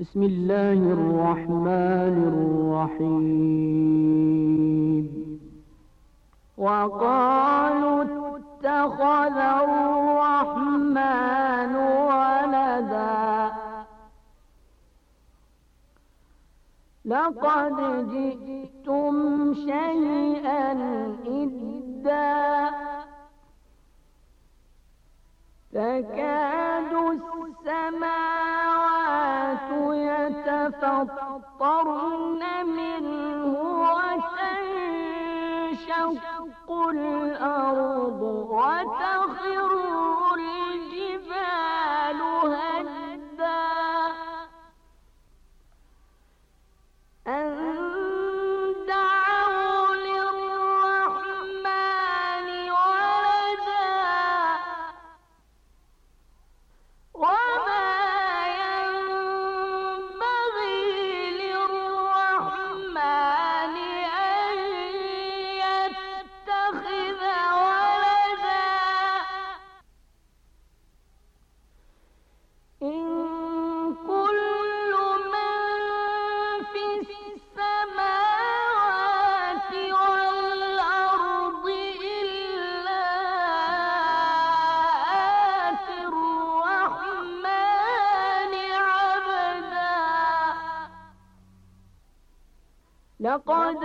بسم الله الرحمن الرحيم وقالوا اتخذ الرحمن ولدا لقد جئتم شيئا إدا تكاد السماوات يتفطرن منه وتنشق الأرض وتخر الأرض لقد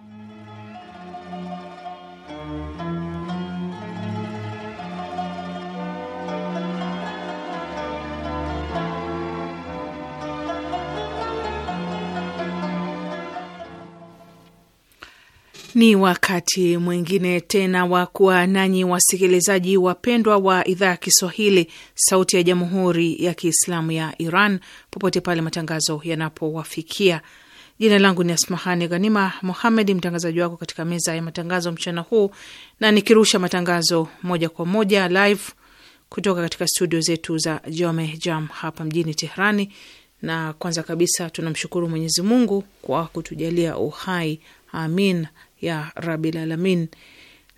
Ni wakati mwingine tena wa kuwa nanyi wasikilizaji wapendwa wa idhaa ya Kiswahili, Sauti ya Jamhuri ya Kiislamu ya Iran, popote pale matangazo yanapowafikia. Jina langu ni Asmahani Ghanima Mohamed, mtangazaji wako katika meza ya matangazo mchana huu, na nikirusha matangazo moja kwa moja live kutoka katika studio zetu za Jome Jam hapa mjini Tehrani. Na kwanza kabisa tunamshukuru Mwenyezi Mungu kwa kutujalia uhai, amin ya Rabil Alamin.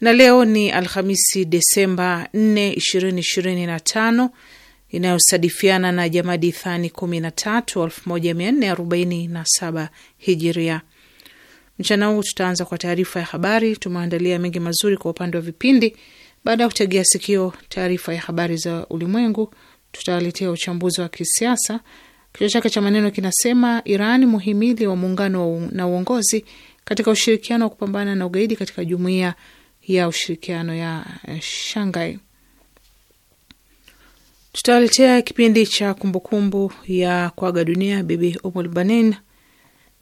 Na leo ni Alhamisi, Desemba 4, 2025 inayosadifiana na Jamadi Thani 13, 1447 Hijiria. Mchana huu tutaanza kwa taarifa ya habari. Tumeandalia mengi mazuri kwa upande wa vipindi. Baada ya kutegea sikio taarifa ya habari za ulimwengu, tutawaletea uchambuzi wa kisiasa. Kichwa chake cha maneno kinasema Iran muhimili wa muungano na uongozi katika ushirikiano wa kupambana na ugaidi katika jumuiya ya ushirikiano ya eh, Shanghai. Tutawaletea kipindi cha kumbukumbu ya kuaga dunia Bibi Umul Banin.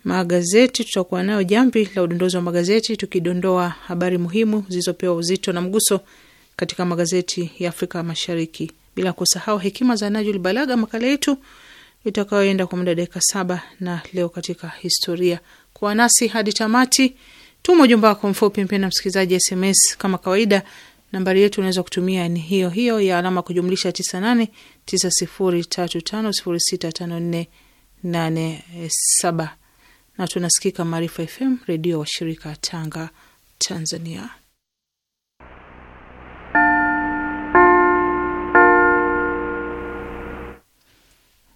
Magazeti tutakuwa nayo jamvi la udondozi wa magazeti, tukidondoa habari muhimu zilizopewa uzito na mguso katika magazeti ya Afrika Mashariki, bila kusahau hekima za Najul balaga makala yetu itakayoenda kwa muda dakika saba, na leo katika historia kuwa nasi hadi tamati. Tuma ujumbe wako mfupi, mpenda msikilizaji, SMS kama kawaida. Nambari yetu unaweza kutumia ni hiyo hiyo ya alama kujumlisha 989035065487 na tunasikika Maarifa FM redio wa shirika Tanga, Tanzania.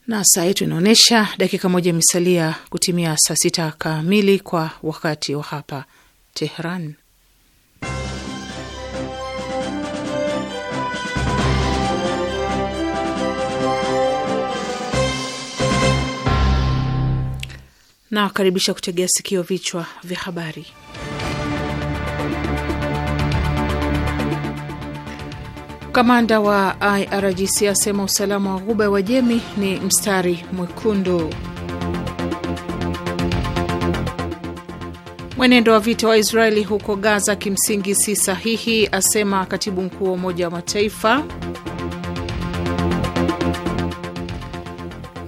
na saa yetu inaonyesha dakika moja imesalia kutimia saa sita kamili kwa wakati wa hapa Tehran. Nawakaribisha kutegea sikio vichwa vya habari. Kamanda wa IRGC asema usalama wa ghuba wa jemi ni mstari mwekundu. Mwenendo wa vita wa Israeli huko Gaza kimsingi si sahihi, asema katibu mkuu wa Umoja wa Mataifa.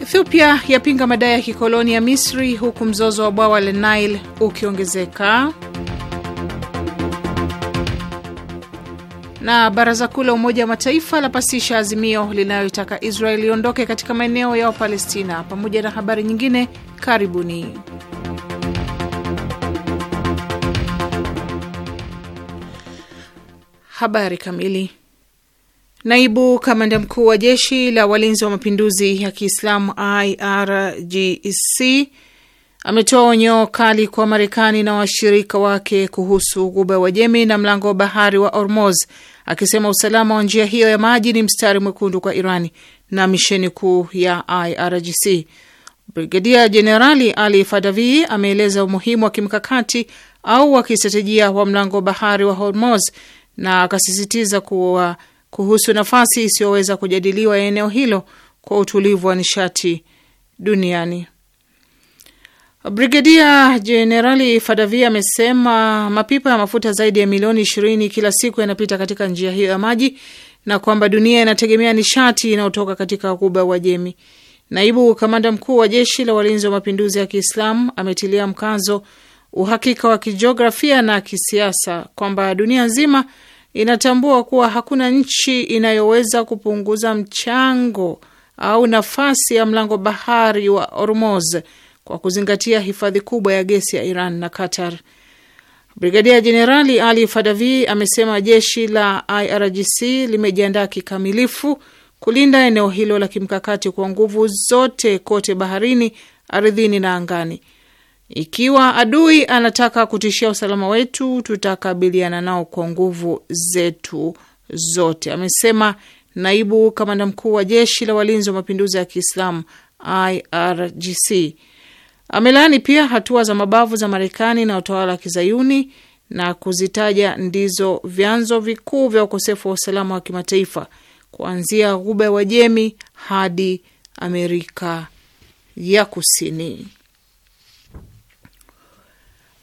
Ethiopia yapinga madai ya kikoloni ya Misri, huku mzozo wa bwawa la Nile ukiongezeka. Na baraza kuu la Umoja wa Mataifa lapasisha azimio linayotaka Israel iondoke katika maeneo ya Wapalestina, pamoja na habari nyingine. Karibuni. Habari kamili. Naibu kamanda mkuu wa jeshi la walinzi wa mapinduzi ya Kiislamu IRGC ametoa onyo kali kwa Marekani na washirika wake kuhusu ghuba wa Jemi na mlango wa bahari wa Ormuz akisema usalama wa njia hiyo ya maji ni mstari mwekundu kwa Irani na misheni kuu ya IRGC. brigedia Jenerali Ali Fadavi ameeleza umuhimu wa kimkakati au wa kistratejia wa mlango bahari wa Hormuz na akasisitiza kuwa kuhusu nafasi isiyoweza kujadiliwa ya eneo hilo kwa utulivu wa nishati duniani. Brigedia Jenerali Fadavi amesema mapipa ya mafuta zaidi ya milioni ishirini kila siku yanapita katika njia hiyo ya maji na kwamba dunia inategemea nishati inayotoka katika ghuba wa Jemi. Naibu kamanda mkuu wa jeshi la walinzi wa mapinduzi ya Kiislamu ametilia mkazo uhakika wa kijiografia na kisiasa kwamba dunia nzima inatambua kuwa hakuna nchi inayoweza kupunguza mchango au nafasi ya mlango bahari wa Hormuz kwa kuzingatia hifadhi kubwa ya gesi ya Iran na Qatar. Brigadia Jenerali Ali Fadavi amesema jeshi la IRGC limejiandaa kikamilifu kulinda eneo hilo la kimkakati kwa nguvu zote, kote baharini, ardhini na angani. Ikiwa adui anataka kutishia usalama wetu, tutakabiliana nao kwa nguvu zetu zote, amesema naibu kamanda mkuu wa jeshi la walinzi wa mapinduzi ya Kiislamu IRGC Amelaani pia hatua za mabavu za Marekani na utawala wa kizayuni na kuzitaja ndizo vyanzo vikuu vya ukosefu wa usalama wa kimataifa kuanzia Ghuba ya Uajemi hadi Amerika ya Kusini.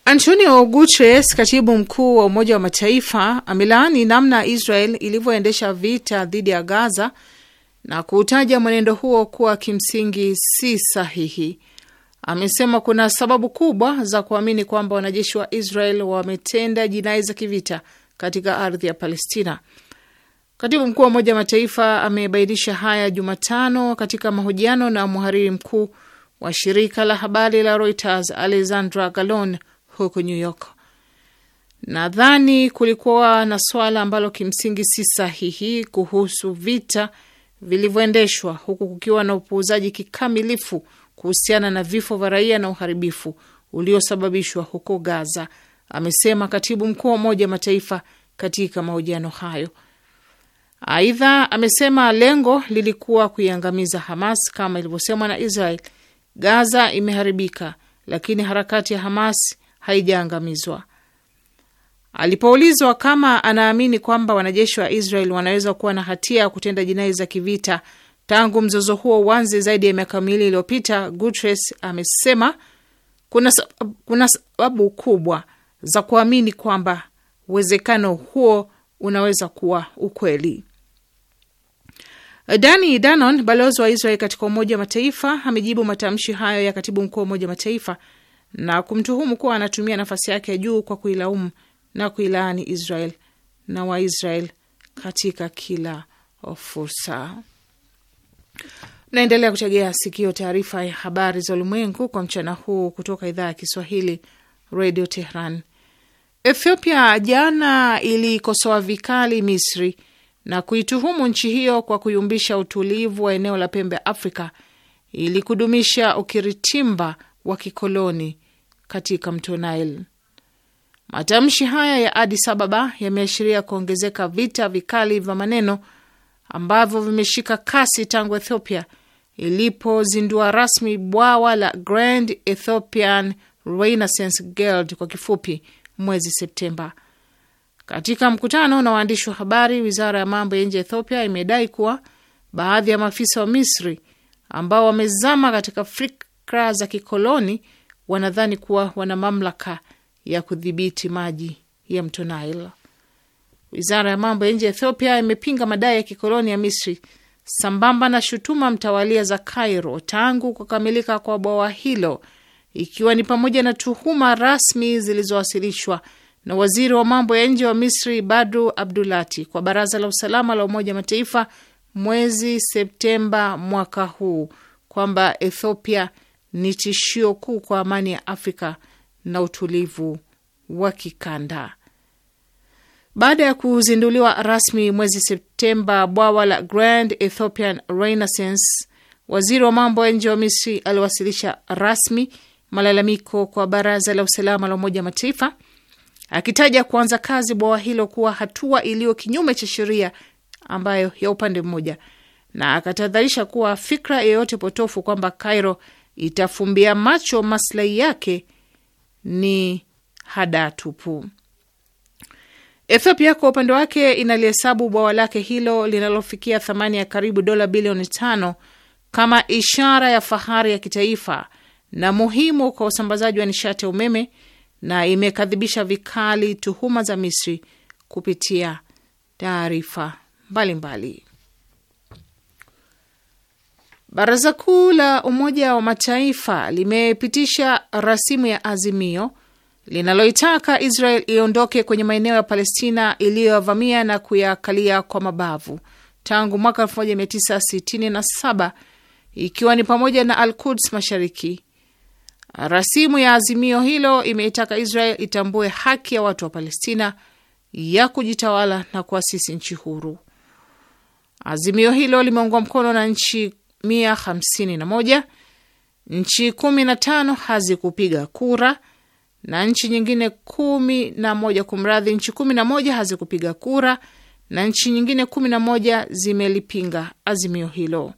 Antonio Guterres, katibu mkuu wa Umoja wa Mataifa, amelaani namna Israel ilivyoendesha vita dhidi ya Gaza na kuutaja mwenendo huo kuwa kimsingi si sahihi amesema kuna sababu kubwa za kuamini kwamba wanajeshi wa Israel wametenda jinai za kivita katika ardhi ya Palestina. Katibu mkuu wa Umoja wa Mataifa amebainisha haya Jumatano katika mahojiano na mhariri mkuu wa shirika la habari la Reuters Alexandra Galon huko New York. Nadhani kulikuwa na swala ambalo kimsingi si sahihi kuhusu vita vilivyoendeshwa huku kukiwa na upuuzaji kikamilifu kuhusiana na vifo vya raia na uharibifu uliosababishwa huko Gaza, amesema katibu mkuu wa Umoja Mataifa katika mahojiano hayo. Aidha amesema lengo lilikuwa kuiangamiza Hamas kama ilivyosemwa na Israel. Gaza imeharibika, lakini harakati ya Hamas haijaangamizwa. Alipoulizwa kama anaamini kwamba wanajeshi wa Israel wanaweza kuwa na hatia ya kutenda jinai za kivita tangu mzozo huo uanze zaidi ya miaka miwili iliyopita, Guterres amesema kuna, kuna sababu kubwa za kuamini kwamba uwezekano huo unaweza kuwa ukweli. Dani Danon, balozi wa Israel katika Umoja wa Mataifa, amejibu matamshi hayo ya katibu mkuu wa Umoja wa Mataifa na kumtuhumu kuwa anatumia nafasi yake ya juu kwa kuilaumu na kuilaani Israel na Waisrael katika kila fursa. Naendelea kutegea sikio taarifa ya habari za ulimwengu kwa mchana huu kutoka idhaa ya Kiswahili Radio Tehran. Ethiopia jana ilikosoa vikali Misri na kuituhumu nchi hiyo kwa kuyumbisha utulivu wa eneo la pembe ya Afrika ili kudumisha ukiritimba wa kikoloni katika mto Nile. Matamshi haya ya Adis Ababa yameashiria kuongezeka vita vikali vya maneno ambavyo vimeshika kasi tangu Ethiopia ilipozindua rasmi bwawa la Grand Ethiopian Renaissance Guild kwa kifupi mwezi Septemba. Katika mkutano na waandishi wa habari, wizara ya mambo ya nje ya Ethiopia imedai kuwa baadhi ya maafisa wa Misri ambao wamezama katika fikra za kikoloni wanadhani kuwa wana mamlaka ya kudhibiti maji ya mto Nile. Wizara ya mambo ya nje ya Ethiopia imepinga madai ya kikoloni ya Misri sambamba na shutuma mtawalia za Cairo tangu kukamilika kwa bwawa hilo, ikiwa ni pamoja na tuhuma rasmi zilizowasilishwa na waziri wa mambo ya nje wa Misri Badu Abdulati kwa Baraza la Usalama la Umoja wa Mataifa mwezi Septemba mwaka huu kwamba Ethiopia ni tishio kuu kwa amani ya Afrika na utulivu wa kikanda. Baada ya kuzinduliwa rasmi mwezi Septemba bwawa la Grand Ethiopian Renaissance, waziri wa mambo ya nje wa Misri aliwasilisha rasmi malalamiko kwa Baraza la Usalama la Umoja wa Mataifa akitaja kuanza kazi bwawa hilo kuwa hatua iliyo kinyume cha sheria ambayo ya upande mmoja, na akatahadharisha kuwa fikra yeyote potofu kwamba Cairo itafumbia macho maslahi yake ni hadaa tupu. Ethiopia kwa upande wake inalihesabu bwawa lake hilo linalofikia thamani ya karibu dola bilioni tano kama ishara ya fahari ya kitaifa na muhimu kwa usambazaji wa nishati ya umeme na imekadhibisha vikali tuhuma za Misri kupitia taarifa mbalimbali. Baraza Kuu la Umoja wa Mataifa limepitisha rasimu ya azimio linaloitaka Israel iondoke kwenye maeneo ya Palestina iliyovamia na kuyakalia kwa mabavu tangu mwaka 1967 ikiwa ni pamoja na Al-Quds Mashariki. Rasimu ya azimio hilo imeitaka Israel itambue haki ya watu wa Palestina ya kujitawala na kuasisi nchi huru. Azimio hilo limeungwa mkono na nchi 151, nchi 15 hazikupiga kura na nchi nyingine kumi na moja kumradhi, nchi kumi na moja hazikupiga kura na nchi nyingine kumi na moja zimelipinga azimio hilo.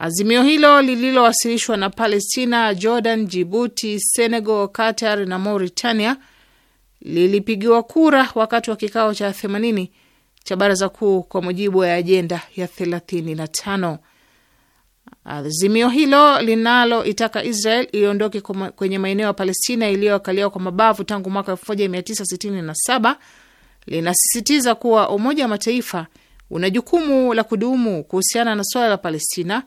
Azimio hilo lililowasilishwa na Palestina, Jordan, Jibuti, Senegal, Qatar na Mauritania lilipigiwa kura wakati wa kikao cha 80 cha baraza kuu kwa mujibu wa ajenda ya 35. Azimio uh, hilo linaloitaka Israel iondoke kwenye maeneo ya Palestina iliyoakaliwa kwa mabavu tangu mwaka 1967 linasisitiza kuwa Umoja wa Mataifa una jukumu la kudumu kuhusiana na swala la Palestina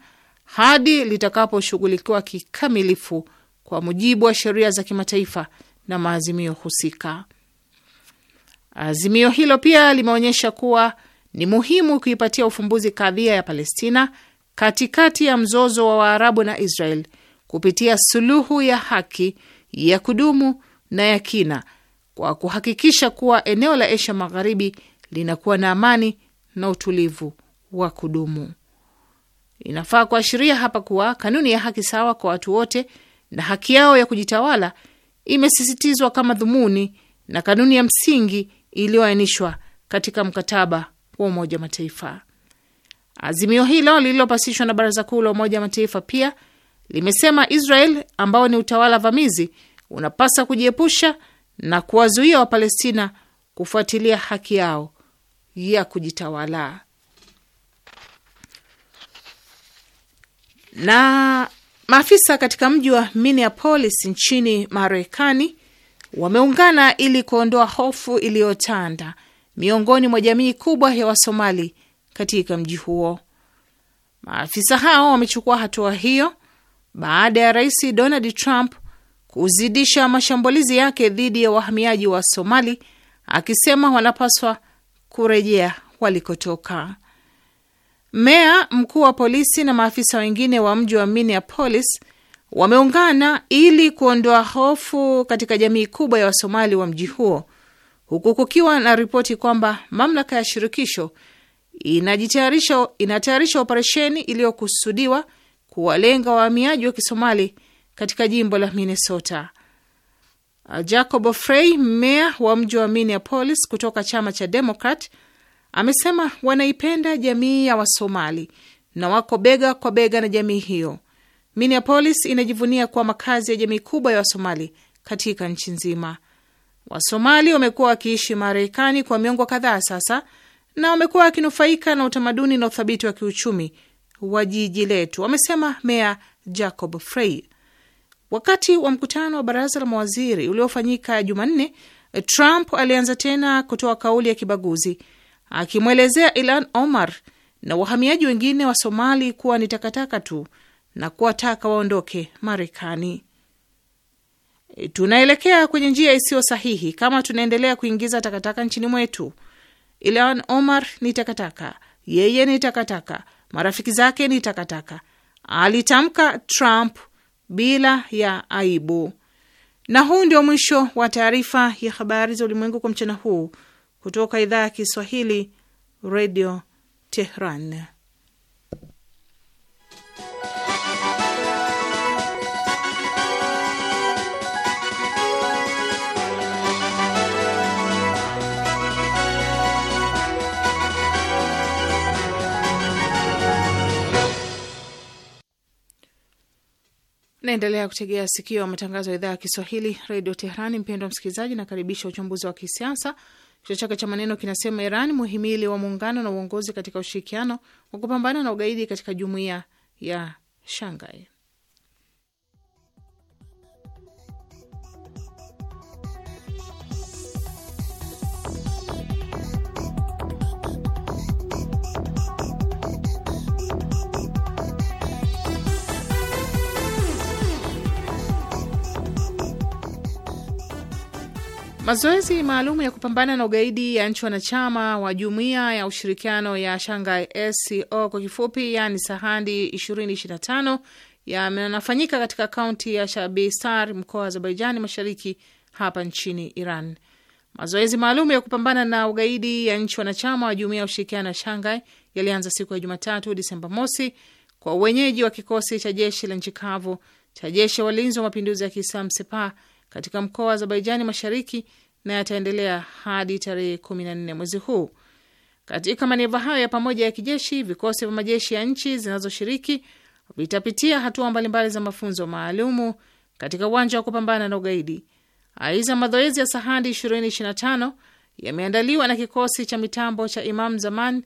hadi litakaposhughulikiwa kikamilifu kwa mujibu wa sheria za kimataifa na maazimio husika. Azimio uh, hilo pia limeonyesha kuwa ni muhimu kuipatia ufumbuzi kadhia ya Palestina katikati ya mzozo wa Waarabu na Israel kupitia suluhu ya haki ya kudumu na ya kina kwa kuhakikisha kuwa eneo la Asia Magharibi linakuwa na amani na utulivu wa kudumu. Inafaa kuashiria hapa kuwa kanuni ya haki sawa kwa watu wote na haki yao ya kujitawala imesisitizwa kama dhumuni na kanuni ya msingi iliyoainishwa katika mkataba wa Umoja wa Mataifa. Azimio hilo lililopasishwa na Baraza Kuu la Umoja wa Mataifa pia limesema Israel, ambao ni utawala vamizi, unapasa kujiepusha na kuwazuia Wapalestina kufuatilia haki yao ya kujitawala. Na maafisa katika mji wa Minneapolis nchini Marekani wameungana ili kuondoa hofu iliyotanda miongoni mwa jamii kubwa ya Wasomali katika mji huo. Maafisa hao wamechukua hatua hiyo baada ya rais Donald Trump kuzidisha mashambulizi yake dhidi ya wahamiaji wa Somali, akisema wanapaswa kurejea walikotoka. Meya mkuu wa polisi na maafisa wengine wa mji wa Minneapolis wameungana ili kuondoa hofu katika jamii kubwa ya Wasomali wa mji huo, huku kukiwa na ripoti kwamba mamlaka ya shirikisho inatayarisha operesheni iliyokusudiwa kuwalenga wahamiaji wa Kisomali katika jimbo la Minnesota. Uh, Jacob Frey, meya wa mji wa Minneapolis kutoka chama cha Demokrat, amesema wanaipenda jamii ya Wasomali na wako bega kwa bega na jamii hiyo. Minneapolis inajivunia kuwa makazi ya jamii kubwa ya Wasomali katika nchi nzima. Wasomali wamekuwa wakiishi Marekani kwa miongo kadhaa sasa na wamekuwa wakinufaika na utamaduni na uthabiti wa kiuchumi wa jiji letu, wamesema meya Jacob Frey wakati wa mkutano wa baraza la mawaziri uliofanyika Jumanne. Trump alianza tena kutoa kauli ya kibaguzi akimwelezea Ilan Omar na wahamiaji wengine wa Somali kuwa ni takataka tu na kuwataka waondoke Marekani. Tunaelekea kwenye njia isiyo sahihi kama tunaendelea kuingiza takataka nchini mwetu, ilan Omar ni takataka, yeye ni takataka, marafiki zake ni takataka, alitamka Trump bila ya aibu. Na huu ndio mwisho wa taarifa ya habari za ulimwengu kwa mchana huu kutoka idhaa ya Kiswahili, Radio Tehran. Naendelea kutegea sikio matangazo ya idhaa ya Kiswahili redio Teherani. Mpendo wa msikilizaji, nakaribisha uchambuzi wa kisiasa. Kichwa chake cha maneno kinasema: Iran muhimili wa muungano na uongozi katika ushirikiano wa kupambana na ugaidi katika jumuiya ya Shanghai. Mazoezi maalum ya kupambana na ugaidi ya nchi wanachama wa jumuiya ya ushirikiano ya Shanghai SCO kwa kifupi, yaani Sahandi 2025 yanafanyika katika kaunti ya Shabistar, mkoa wa Azerbaijani Mashariki, hapa nchini Iran. Mazoezi maalum ya kupambana na ugaidi ya nchi wanachama wa jumuiya ya ushirikiano ya Shanghai yalianza siku ya Jumatatu, Disemba mosi, kwa uwenyeji wa kikosi cha jeshi la nchi kavu cha jeshi walinzi wa mapinduzi ya Kiislamu Sepah katika mkoa wa Azerbaijani Mashariki na yataendelea hadi tarehe 14 mwezi huu. Katika maneva hayo ya pamoja ya kijeshi, vikosi vya majeshi ya nchi zinazoshiriki vitapitia hatua mbalimbali za mafunzo maalumu katika uwanja wa kupambana na ugaidi. Aiza, mazoezi ya Sahandi 2025 yameandaliwa na kikosi cha mitambo cha Imam Zaman,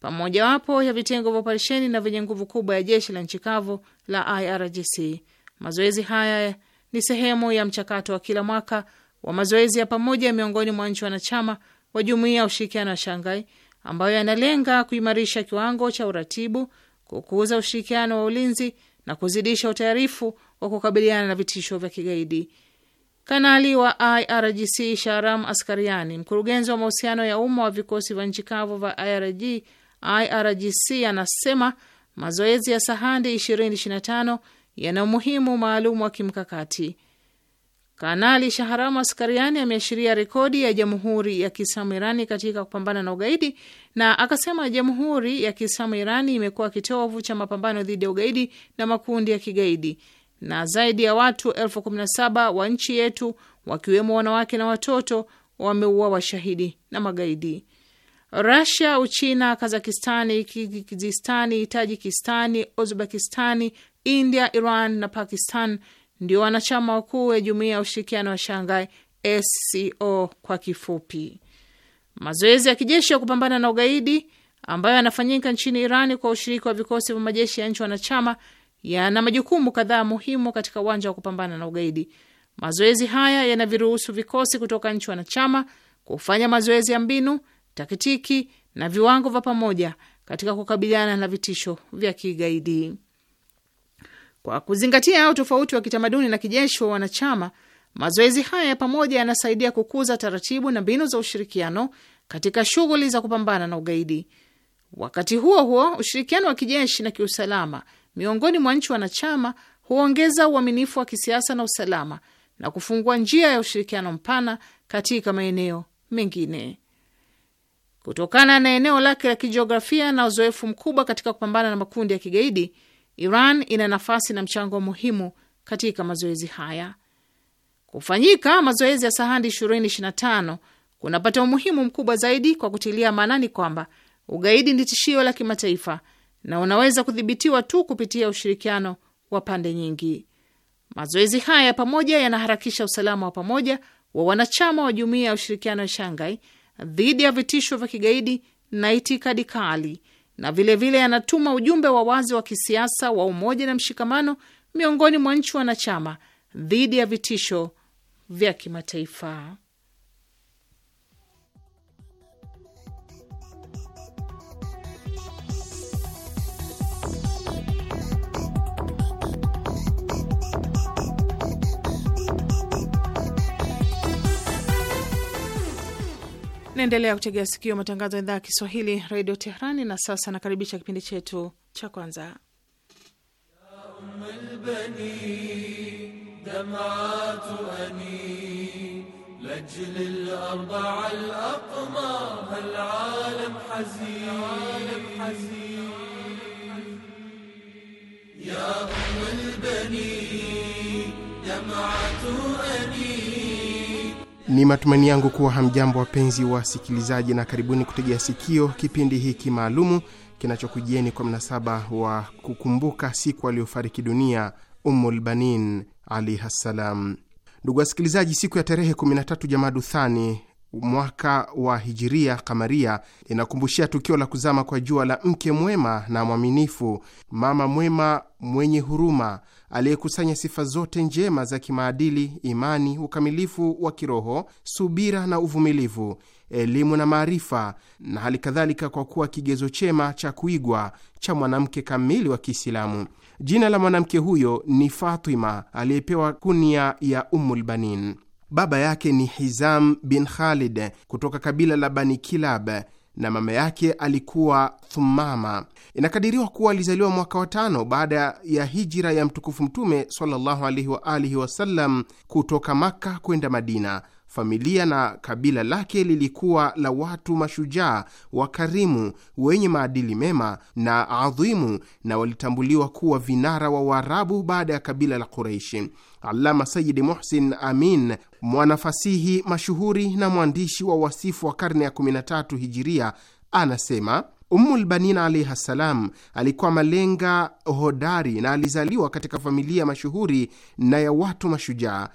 pamojawapo ya vitengo vya operesheni na vyenye nguvu kubwa ya jeshi la nchi kavu la IRGC. Mazoezi haya ni sehemu ya mchakato wa kila mwaka wa mazoezi ya pamoja miongoni mwa nchi wanachama wa jumuiya ya ushirikiano wa Shanghai ambayo yanalenga kuimarisha kiwango cha uratibu, kukuza ushirikiano wa ulinzi na kuzidisha utayarifu wa kukabiliana na vitisho vya kigaidi. Kanali wa IRGC Sharam Askariani, mkurugenzi wa mahusiano ya umma wa vikosi vya nchi kavu vya IRG, IRGC, anasema mazoezi ya Sahandi 2025 yana umuhimu maalum wa kimkakati. Kanali Shaharamu Askariani ameashiria rekodi ya Jamhuri ya Kiislamu Irani katika kupambana na ugaidi na akasema Jamhuri ya Kiislamu Irani imekuwa kitovu cha mapambano dhidi ya ugaidi na makundi ya kigaidi, na zaidi ya watu elfu kumi na saba wa nchi yetu wakiwemo wanawake na watoto wameua washahidi na magaidi. Rasia, Uchina, Kazakistani, Kirgizistani, Tajikistani, Uzbekistani, India, Iran na Pakistan ndio wanachama wakuu wa jumuiya ya ushirikiano wa Shanghai, SCO kwa kifupi. Mazoezi ya kijeshi ya kupambana na ugaidi ambayo yanafanyika nchini iran kwa ushiriki wa vikosi vya majeshi ya nchi wanachama yana majukumu kadhaa muhimu katika uwanja wa kupambana na ugaidi. Mazoezi haya yanaviruhusu vikosi kutoka nchi wanachama kufanya mazoezi ya mbinu, taktiki na viwango vya pamoja katika kukabiliana na vitisho vya kigaidi. Kwa kuzingatia utofauti wa kitamaduni na kijeshi wa wanachama, mazoezi haya ya pamoja yanasaidia kukuza taratibu na mbinu za ushirikiano katika shughuli za kupambana na ugaidi. Wakati huo huo, ushirikiano wa kijeshi na kiusalama miongoni mwa nchi wanachama huongeza uaminifu wa kisiasa na usalama na kufungua njia ya ushirikiano mpana katika maeneo mengine. Kutokana na eneo lake la kijiografia na uzoefu mkubwa katika kupambana na makundi ya kigaidi, Iran ina nafasi na mchango muhimu katika mazoezi haya. Kufanyika mazoezi ya Sahandi 2025 kunapata umuhimu mkubwa zaidi kwa kutilia maanani kwamba ugaidi ni tishio la kimataifa na unaweza kudhibitiwa tu kupitia ushirikiano wa pande nyingi. Mazoezi haya pamoja yanaharakisha usalama wa pamoja wa wanachama wa jumuiya ya ushirikiano ya Shanghai dhidi ya vitisho vya kigaidi na itikadi kali na vilevile yanatuma ujumbe wa wazi wa kisiasa wa umoja na mshikamano miongoni mwa nchi wanachama dhidi ya vitisho vya kimataifa. Naendelea kutegea sikio matangazo ya idhaa ya Kiswahili redio Teherani. Na sasa nakaribisha kipindi chetu cha kwanza ya ni matumaini yangu kuwa hamjambo wapenzi wasikilizaji, na karibuni kutegea sikio kipindi hiki maalumu kinachokujieni kwa mnasaba wa kukumbuka siku aliyofariki dunia Ummulbanin alaihi ssalam. Ndugu wasikilizaji, siku ya tarehe 13 Jamadu Thani mwaka wa hijiria kamaria inakumbushia tukio la kuzama kwa jua la mke mwema na mwaminifu, mama mwema mwenye huruma aliyekusanya sifa zote njema za kimaadili, imani, ukamilifu wa kiroho, subira na uvumilivu, elimu na maarifa, na hali kadhalika, kwa kuwa kigezo chema cha kuigwa cha mwanamke kamili wa Kiislamu. Jina la mwanamke huyo ni Fatima, aliyepewa kunia ya ummulbanin Baba yake ni Hizam bin Khalid kutoka kabila la Bani Kilab na mama yake alikuwa Thumama. Inakadiriwa kuwa alizaliwa mwaka wa tano baada ya hijira ya mtukufu Mtume sallallahu alaihi wa alihi wasallam kutoka Makka kwenda Madina Familia na kabila lake lilikuwa la watu mashujaa, wakarimu, wenye maadili mema na adhimu, na walitambuliwa kuwa vinara wa Waarabu baada ya kabila la Quraishi. Alama Sayidi Muhsin Amin, mwanafasihi mashuhuri na mwandishi wa wasifu wa karne ya 13 hijiria, anasema Ummul lbanin alaihi ssalam alikuwa malenga hodari na alizaliwa katika familia mashuhuri na ya watu mashujaa.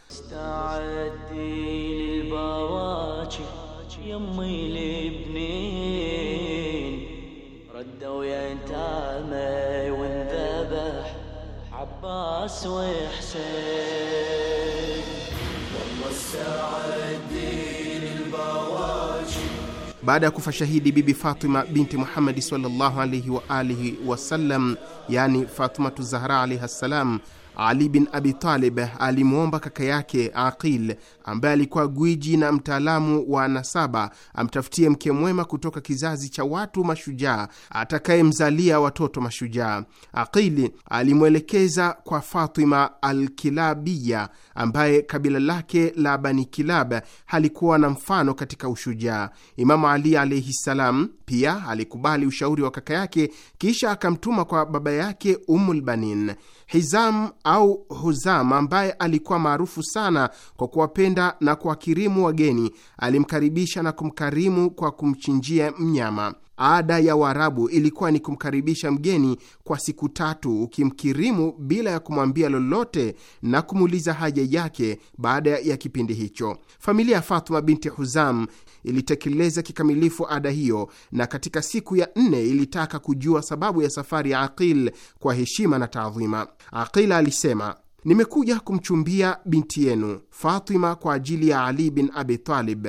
baada ya kufa shahidi Bibi Fatima binti Muhammadi sallallahu alaihi wa alihi wasallam, yani Fatimatu Zahra alaihi ssalam ali bin Abi Talib alimwomba kaka yake Aqil ambaye alikuwa gwiji na mtaalamu wa nasaba amtafutie mke mwema kutoka kizazi cha watu mashujaa atakayemzalia watoto mashujaa. Aqil alimwelekeza kwa Fatima Alkilabiya ambaye kabila lake la Bani Kilab halikuwa na mfano katika ushujaa. Imamu Ali alaihi ssalam pia alikubali ushauri wa kaka yake, kisha akamtuma kwa baba yake Umulbanin Banin Hizam au Huzam, ambaye alikuwa maarufu sana kwa kuwapenda na kuwakirimu wageni. Alimkaribisha na kumkarimu kwa kumchinjia mnyama. Ada ya Waarabu ilikuwa ni kumkaribisha mgeni kwa siku tatu, ukimkirimu bila ya kumwambia lolote na kumuuliza haja yake. Baada ya kipindi hicho, familia ya Fatuma binti Huzam ilitekeleza kikamilifu ada hiyo, na katika siku ya nne ilitaka kujua sababu ya safari ya Aqil kwa heshima na taadhima. Aqil alisema nimekuja kumchumbia binti yenu Fatima kwa ajili ya Ali bin Abi Talib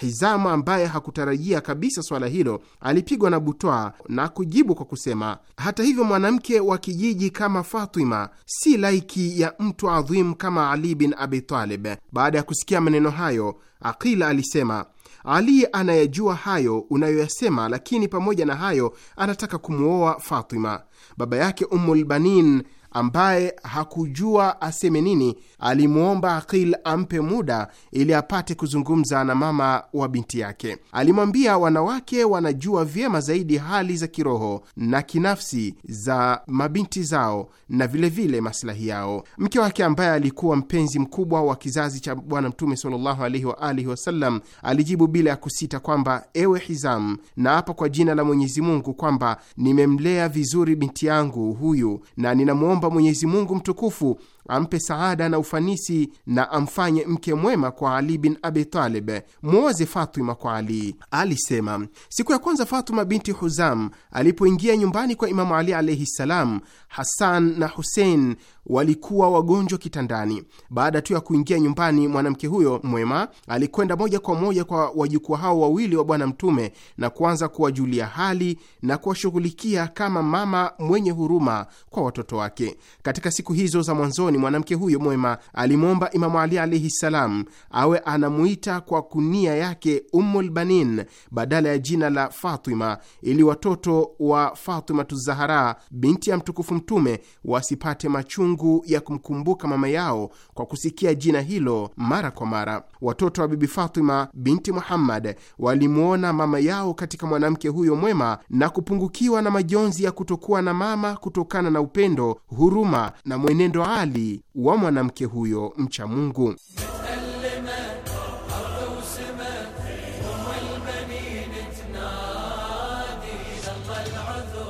Hizamu ambaye hakutarajia kabisa swala hilo alipigwa na butwaa na kujibu kwa kusema, hata hivyo, mwanamke wa kijiji kama Fatima si laiki ya mtu adhimu kama Ali bin Abi Talib. Baada ya kusikia maneno hayo, Aqila alisema, Ali anayajua hayo unayoyasema, lakini pamoja na hayo anataka kumwoa Fatima. Baba yake Ummulbanin ambaye hakujua aseme nini, alimwomba Aqil ampe muda ili apate kuzungumza na mama wa binti yake. Alimwambia wanawake wanajua vyema zaidi hali za kiroho na kinafsi za mabinti zao na vilevile masilahi yao. Mke wake ambaye alikuwa mpenzi mkubwa wa kizazi cha Bwana Mtume sallallahu alaihi wa alihi wasallam alijibu bila ya kusita kwamba ewe Hizam, naapa kwa jina la Mwenyezi Mungu kwamba nimemlea vizuri binti yangu huyu na ninamwomba kumwomba Mwenyezi Mungu mtukufu ampe saada na ufanisi na amfanye mke mwema kwa Ali bin Abi Talib, mwoze Fatuma kwa Ali. Alisema, siku ya kwanza Fatuma binti Huzam alipoingia nyumbani kwa Imamu Ali alaihi ssalam, Hasan na Husein walikuwa wagonjwa kitandani. Baada tu ya kuingia nyumbani, mwanamke huyo mwema alikwenda moja kwa moja kwa wajukuu hao wawili wa Bwana Mtume na kuanza kuwajulia hali na kuwashughulikia kama mama mwenye huruma kwa watoto wake. Katika siku hizo za mwanzoni lakini mwanamke huyo mwema alimwomba Imamu Ali alaihi salam awe anamuita kwa kunia yake ummulbanin badala ya jina la Fatima, ili watoto wa Fatimatu Zahara binti ya mtukufu Mtume wasipate machungu ya kumkumbuka mama yao kwa kusikia jina hilo mara kwa mara. Watoto wa Bibi Fatima binti Muhammad walimwona mama yao katika mwanamke huyo mwema na kupungukiwa na majonzi ya kutokuwa na mama kutokana na upendo, huruma na mwenendo ali wa mwanamke huyo mcha Mungu.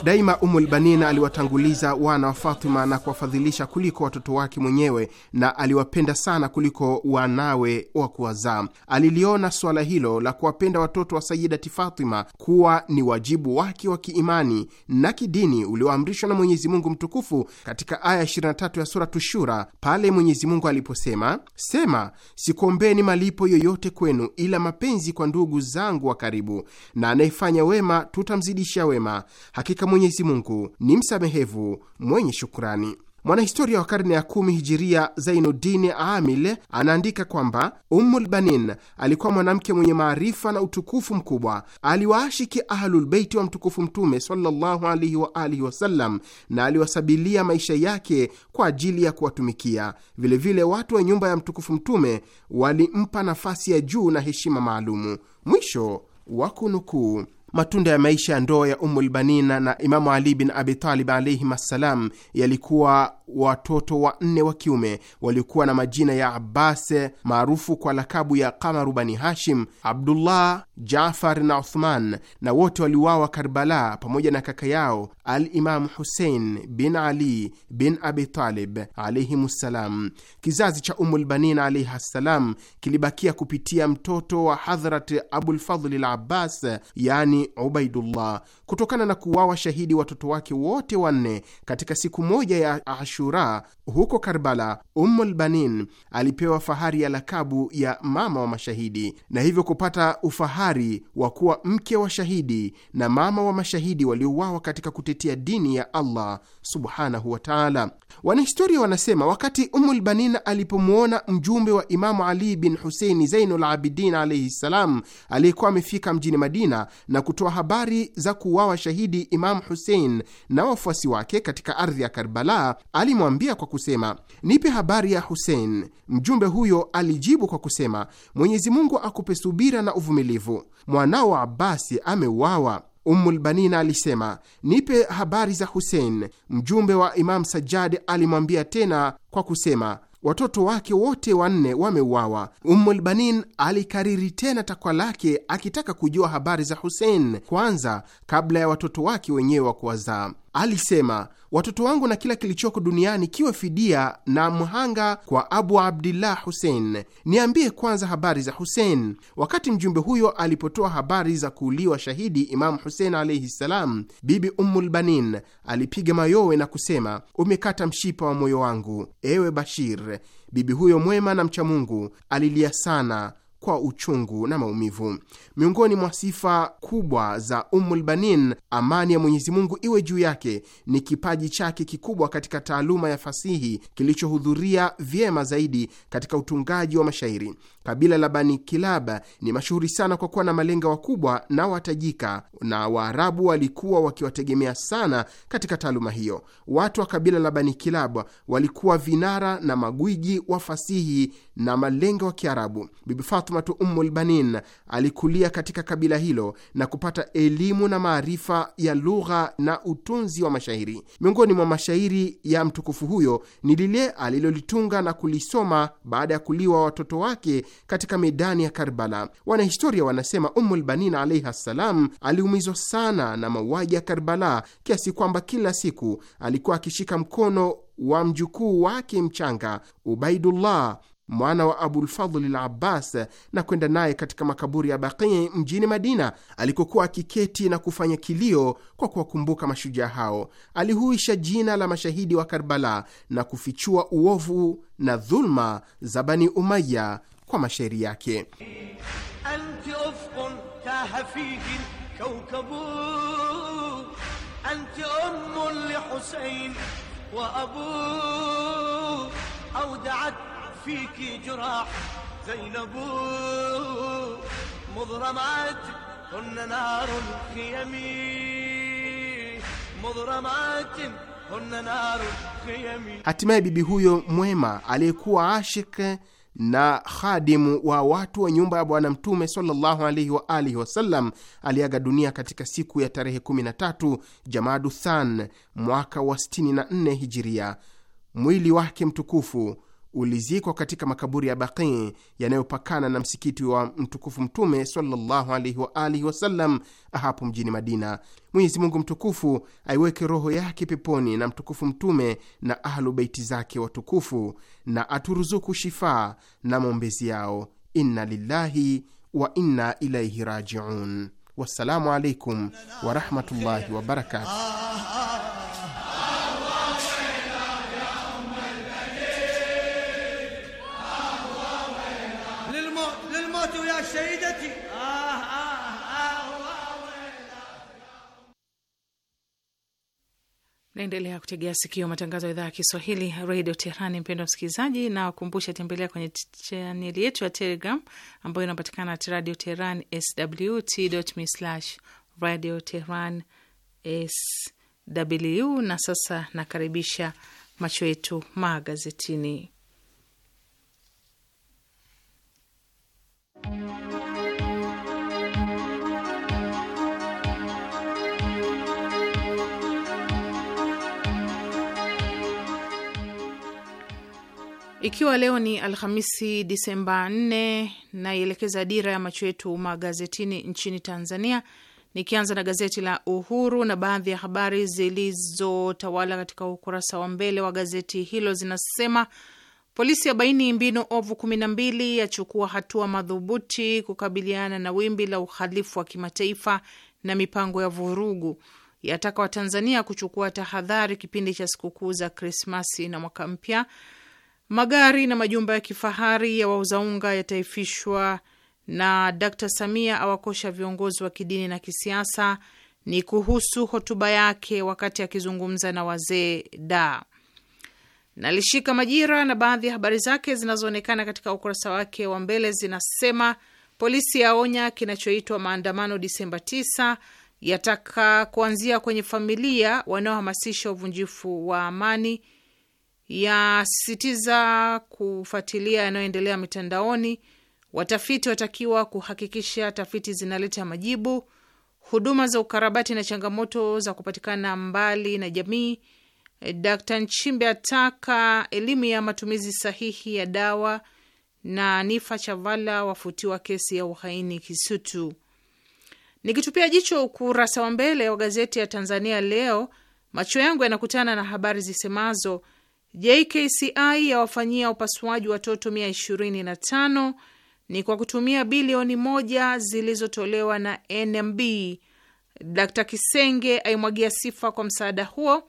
Daima Umul aliwatanguliza wana wa Fatima na kuwafadhilisha kuliko watoto wake mwenyewe, na aliwapenda sana kuliko wanawe wa kuwazaa. Aliliona suala hilo la kuwapenda watoto wa Sayidati Fatima kuwa ni wajibu wake wa kiimani na kidini ulioamrishwa na Mwenyezi Mungu mtukufu katika aya 23 ya Suratu Shura, pale Mwenyezi Mungu aliposema: Sema, sikuombeni malipo yoyote kwenu ila mapenzi kwa ndugu zangu wa karibu, na anayefanya wema tutamzidishia wema, hakika Mwenyezi Mungu ni msamehevu mwenye shukurani. Mwanahistoria wa karne ya kumi hijiria Zainudin Amil anaandika kwamba Ummulbanin alikuwa mwanamke mwenye maarifa na utukufu mkubwa. Aliwaashiki Ahlulbeiti wa mtukufu Mtume sallallahu wa alihi wasallam na aliwasabilia maisha yake kwa ajili ya kuwatumikia. Vilevile watu wa nyumba ya mtukufu Mtume walimpa nafasi ya juu na heshima maalumu. Mwisho wa kunukuu. Matunda ya maisha ya ndoa ya Ummul na Imamu Ali bin Abitalib alaihim assalam yalikuwa watoto wanne wa kiume waliokuwa na majina ya abbas maarufu kwa lakabu ya Kamaru Bani Hashim, Abdullah, Jafar na Uthman, na wote waliuawa Karbala pamoja na kaka yao Alimamu Husein bin Ali bin Abitalib alaihim ssalam. Kizazi cha Ummul Banina alaihi ssalam kilibakia kupitia mtoto wa Hadhrat Abulfadhli Abbas yani Ubaidullah kutokana na kuwawa shahidi watoto wake wote wanne katika siku moja ya Ashura huko Karbala. Ummul Banin alipewa fahari ya lakabu ya mama wa mashahidi na hivyo kupata ufahari wa kuwa mke wa shahidi na mama wa mashahidi waliouawa katika kutetea dini ya Allah subhanahu wataala Wanahistoria wanasema wakati Ummul Banin alipomwona mjumbe wa Imamu Ali bin Huseini Zainul Abidin alaihi ssalam aliyekuwa amefika mjini Madina na kutoa habari za kuwa aliuawa shahidi Imamu husein na wafuasi wake katika ardhi ya Karbala, alimwambia kwa kusema, nipe habari ya Husein. Mjumbe huyo alijibu kwa kusema, Mwenyezi Mungu akupe subira na uvumilivu, mwanao abasi ameuawa. Ummulbanina alisema nipe habari za Husein. Mjumbe wa Imamu sajadi alimwambia tena kwa kusema watoto wake wote wanne wameuawa. Ummul alikariri tena takwa lake akitaka kujua habari za Husein kwanza kabla ya watoto wake wenyewe wa kuwazaa alisema, watoto wangu na kila kilichoko duniani kiwe fidia na mhanga kwa Abu Abdillah Hussein. Niambie kwanza habari za Hussein. Wakati mjumbe huyo alipotoa habari za kuuliwa shahidi Imamu Hussein alaihi ssalam, Bibi ummulbanin alipiga mayowe na kusema, umekata mshipa wa moyo wangu, ewe Bashir. Bibi huyo mwema na mchamungu alilia sana kwa uchungu na maumivu. Miongoni mwa sifa kubwa za ummulbanin amani ya Mwenyezi Mungu iwe juu yake, ni kipaji chake kikubwa katika taaluma ya fasihi kilichohudhuria vyema zaidi katika utungaji wa mashairi. Kabila la Bani Kilaba ni mashuhuri sana kwa kuwa na malenga wakubwa na watajika, na Waarabu walikuwa wakiwategemea sana katika taaluma hiyo. Watu wa kabila la Bani Kilaba walikuwa vinara na magwiji wa fasihi na malenga wa Kiarabu. Bibi Fatmatu Ummul Banin alikulia katika kabila hilo na kupata elimu na maarifa ya lugha na utunzi wa mashairi. Miongoni mwa mashairi ya mtukufu huyo ni lile alilolitunga na kulisoma baada ya kuliwa watoto wake katika medani ya Karbala. Wanahistoria wanasema Ummul Banin alaihi ssalam aliumizwa sana na mauaji ya Karbala kiasi kwamba kila siku alikuwa akishika mkono wa mjukuu wake mchanga Ubaidullah mwana wa Abulfadhli Labbas na kwenda naye katika makaburi ya Baqii mjini Madina alikokuwa akiketi na kufanya kilio kwa kuwakumbuka mashujaa hao. Alihuisha jina la mashahidi wa Karbala na kufichua uovu na dhulma za Bani Umaya kwa mashairi yake. فيك جراح زينب مضرمات هن نار الخيم مضرمات هن نار الخيم Hatimaye bibi huyo mwema aliyekuwa ashik na khadimu wa watu wa nyumba ya Bwana Mtume sallallahu alaihi wa alihi wasallam aliaga dunia katika siku ya tarehe 13 Jamadu Than mwaka wa 64 Hijiria. Mwili wake mtukufu ulizikwa katika makaburi ya Baqii yanayopakana na msikiti wa mtukufu Mtume sallallahu alaihi wa alihi wasallam hapo mjini Madina. Mwenyezi Mungu mtukufu aiweke roho yake peponi na mtukufu Mtume na ahlu beiti zake watukufu, na aturuzuku shifaa na maombezi yao. Inna lillahi wa inna ilaihi rajiun. Wassalamu alaikum warahmatullahi wabarakatuh. Naendelea kutegea sikio matangazo ya idhaa ya Kiswahili redio Tehrani. Mpendo msikilizaji, na wakumbusha tembelea kwenye chaneli yetu ya Telegram ambayo inapatikana at radio tehran swt slash radio tehran sw. Na sasa nakaribisha macho yetu magazetini Ikiwa leo ni Alhamisi Disemba 4, naielekeza dira ya macho yetu magazetini nchini Tanzania, nikianza na gazeti la Uhuru na baadhi ya habari zilizotawala katika ukurasa wa mbele wa gazeti hilo zinasema: polisi abaini mbinu ovu 12, yachukua hatua madhubuti kukabiliana na wimbi la uhalifu wa kimataifa na mipango ya vurugu, yataka Watanzania kuchukua tahadhari kipindi cha sikukuu za Krismasi na mwaka mpya Magari na majumba ya kifahari ya wauzaunga yataifishwa, na d Samia awakosha viongozi wa kidini na kisiasa. Ni kuhusu hotuba yake wakati akizungumza na wazee da nalishika Majira na baadhi ya habari zake zinazoonekana katika ukurasa wake wa mbele zinasema: polisi yaonya kinachoitwa maandamano Disemba 9 yataka kuanzia kwenye familia, wanaohamasisha uvunjifu wa amani yasisitiza kufuatilia yanayoendelea mitandaoni. Watafiti watakiwa kuhakikisha tafiti zinaleta majibu. Huduma za ukarabati na changamoto za kupatikana mbali na jamii. Dkt Nchimbe ataka elimu ya matumizi sahihi ya dawa, na Nifa Chavala wafutiwa kesi ya uhaini Kisutu. Nikitupia jicho ukurasa wa mbele wa gazeti ya Tanzania Leo, macho yangu yanakutana na habari zisemazo JKCI yawafanyia upasuaji watoto tano ni kwa kutumia bilioni moja zilizotolewa na NMB. Dr Kisenge aimwagia sifa kwa msaada huo.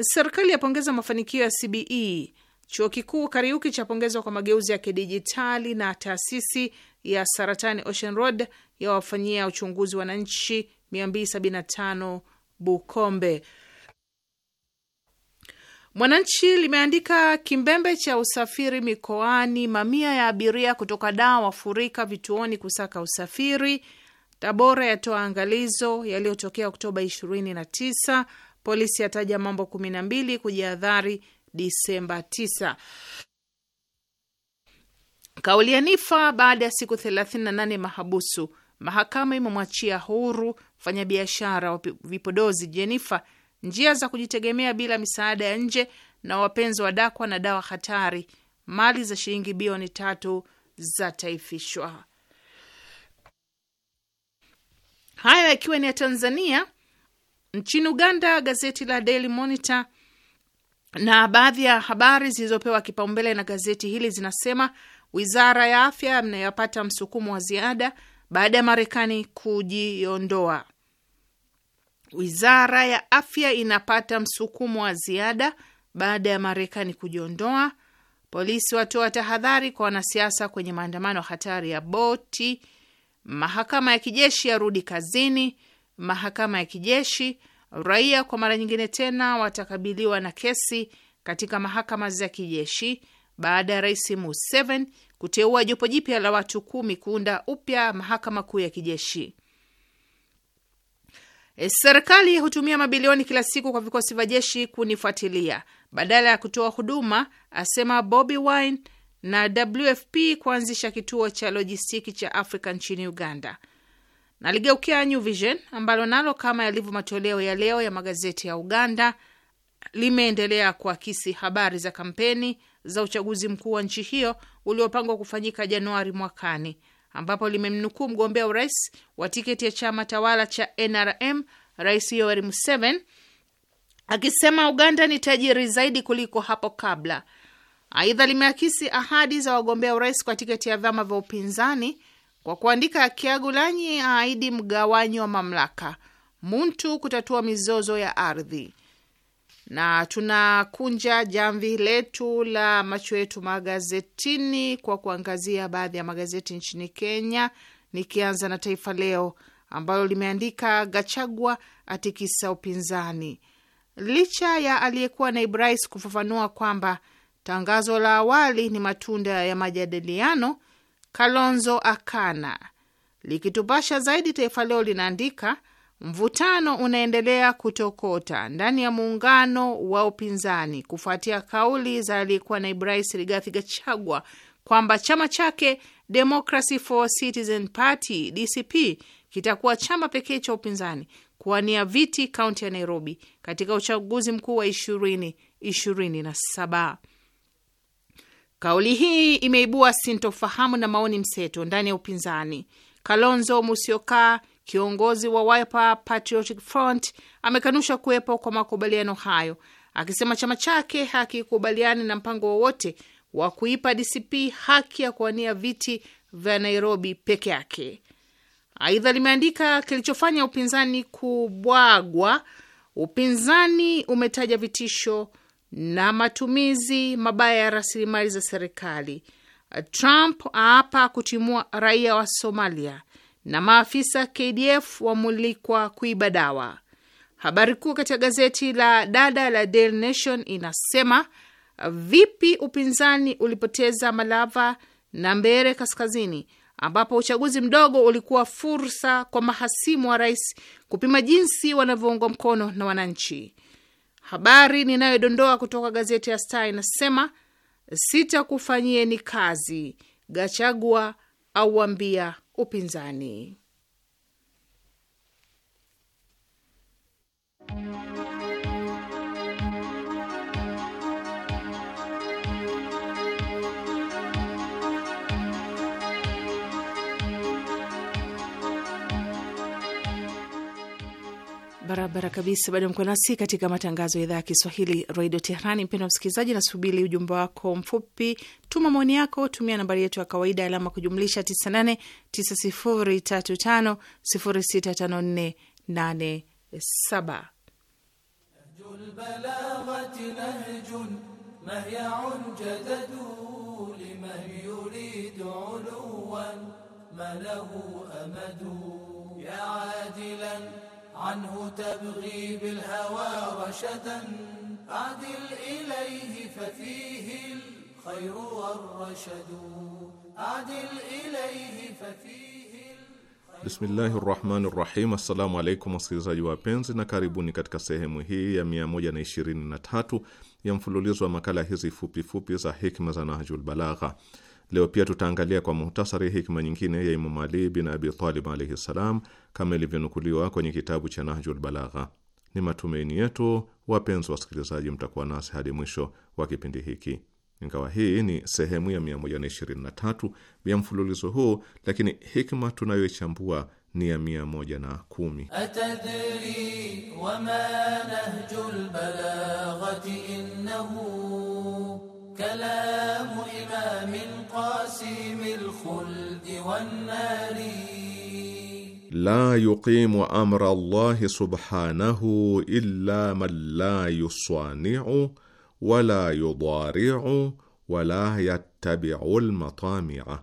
Serikali yapongeza mafanikio ya CBE. Chuo Kikuu Kariuki chapongezwa kwa mageuzi ya kidijitali, na taasisi ya saratani Ocean Road yawafanyia uchunguzi wananchi 275 Bukombe. Mwananchi limeandika kimbembe cha usafiri mikoani, mamia ya abiria kutoka dawa wafurika vituoni kusaka usafiri. Tabora yatoa angalizo yaliyotokea Oktoba 29. Polisi yataja mambo 12 kujihadhari Disemba 9. Kauli ya Nifa baada ya siku 38 mahabusu, mahakama imemwachia huru mfanyabiashara wa vipodozi Jenifa njia za kujitegemea bila misaada ya nje na wapenzi wa dakwa na dawa hatari. Mali za shilingi bilioni tatu zataifishwa. Hayo yakiwa ni ya Tanzania. Nchini Uganda, gazeti la Daily Monitor na baadhi ya habari zilizopewa kipaumbele na gazeti hili zinasema wizara ya afya mnayopata msukumo wa ziada baada ya Marekani kujiondoa. Wizara ya afya inapata msukumo wa ziada baada ya Marekani kujiondoa. Polisi watoa tahadhari kwa wanasiasa kwenye maandamano hatari ya boti. Mahakama ya kijeshi yarudi kazini. Mahakama ya kijeshi raia kwa mara nyingine tena watakabiliwa na kesi katika mahakama za kijeshi baada ya Rais Museveni kuteua jopo jipya la watu kumi kuunda upya mahakama kuu ya kijeshi. Eh, serikali hutumia mabilioni kila siku kwa vikosi vya jeshi kunifuatilia badala ya kutoa huduma, asema Bobi Wine, na WFP kuanzisha kituo cha lojistiki cha Afrika nchini Uganda. Naligeukia New Vision ambalo nalo kama yalivyo matoleo ya leo ya magazeti ya Uganda limeendelea kuakisi habari za kampeni za uchaguzi mkuu wa nchi hiyo uliopangwa kufanyika Januari mwakani ambapo limemnukuu mgombea urais wa tiketi ya chama tawala cha NRM Rais Yoweri Museveni akisema Uganda ni tajiri zaidi kuliko hapo kabla. Aidha, limeakisi ahadi za wagombea urais kwa tiketi ya vyama vya upinzani kwa kuandika, Kiagulanyi aahidi mgawanyo wa mamlaka, Muntu kutatua mizozo ya ardhi, na tunakunja jamvi letu la macho yetu magazetini kwa kuangazia baadhi ya magazeti nchini Kenya, nikianza na Taifa Leo ambalo limeandika Gachagua atikisa upinzani licha ya aliyekuwa naibu rais kufafanua kwamba tangazo la awali ni matunda ya majadiliano. Kalonzo akana. Likitupasha zaidi, Taifa Leo linaandika Mvutano unaendelea kutokota ndani ya muungano wa upinzani kufuatia kauli za aliyekuwa naibu rais Rigathi Gachagua kwamba chama chake Democracy for Citizen Party DCP kitakuwa chama pekee cha upinzani kuwania viti kaunti ya Nairobi katika uchaguzi mkuu wa 2027. Kauli hii imeibua sintofahamu na maoni mseto ndani ya upinzani. Kalonzo Musyoka Kiongozi wa Wiper Patriotic Front amekanusha kuwepo kwa makubaliano hayo, akisema chama chake hakikubaliani na mpango wowote wa kuipa DCP haki ya kuwania viti vya Nairobi peke yake. Aidha limeandika kilichofanya upinzani kubwagwa. Upinzani umetaja vitisho na matumizi mabaya ya rasilimali za serikali. Trump aapa kutimua raia wa Somalia na maafisa KDF wamulikwa kuiba dawa. Habari kuu katika gazeti la dada la Daily Nation inasema vipi upinzani ulipoteza Malava na Mbere Kaskazini, ambapo uchaguzi mdogo ulikuwa fursa kwa mahasimu wa rais kupima jinsi wanavyoungwa mkono na wananchi. Habari ninayodondoa kutoka gazeti ya Star inasema sitakufanyieni kazi, Gachagua auambia upinzani. Barabara kabisa. Bado mko nasi katika matangazo ya idhaa ya Kiswahili redio Tehrani. Mpendwa msikilizaji, nasubiri ujumbe wako mfupi. Tuma maoni yako, tumia nambari yetu ya kawaida alama kujumlisha 989035065487. عنه تبغي بالهوى رشدا أعدل إليه ففيه الخير والرشد أعدل إليه ففيه Bismillahi rahmani rahim. Assalamu alaikum wasikilizaji wapenzi, na karibuni katika sehemu hii ya 123 ya mfululizo wa makala hizi fupifupi fupi za hikma za Nahjul Balagha. Leo pia tutaangalia kwa muhtasari hikma nyingine ya Imamu Ali bin Abi Talib alaihi ssalam, kama ilivyonukuliwa kwenye kitabu cha Nahjul Balagha. Ni matumaini yetu wapenzi wasikilizaji, mtakuwa nasi hadi mwisho wa kipindi hiki. Ingawa hii ni sehemu ya 123 ya mfululizo huu, lakini hikma tunayoichambua ni ya 110. Atadri wama nahjul balaghati innahu كلام إمام قاسم الخلد والنار لا يقيم أمر الله سبحانه إلا من لا يصانع ولا يضارع wala يتبع المطامع